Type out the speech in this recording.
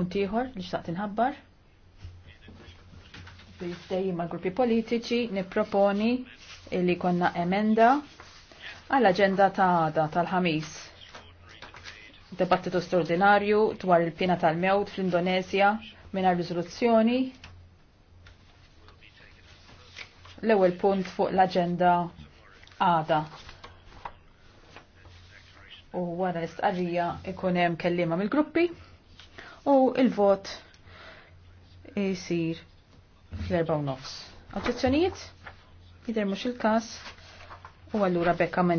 Puntiħor li xtaqt inħabbar. Bistej ma' gruppi politiċi niproponi li konna emenda għall-agenda ta' għada tal-ħamis. Debattitu straordinarju dwar il-pina tal-mewt fl indonezja minna rizoluzzjoni. L-ewel punt fuq l-agenda għada. U għara l-istqarrija ikunem kellima mill-gruppi u il-vot jisir fl u nofs. Oġġezzjonijiet? Jider mux il-kas u għallura bekka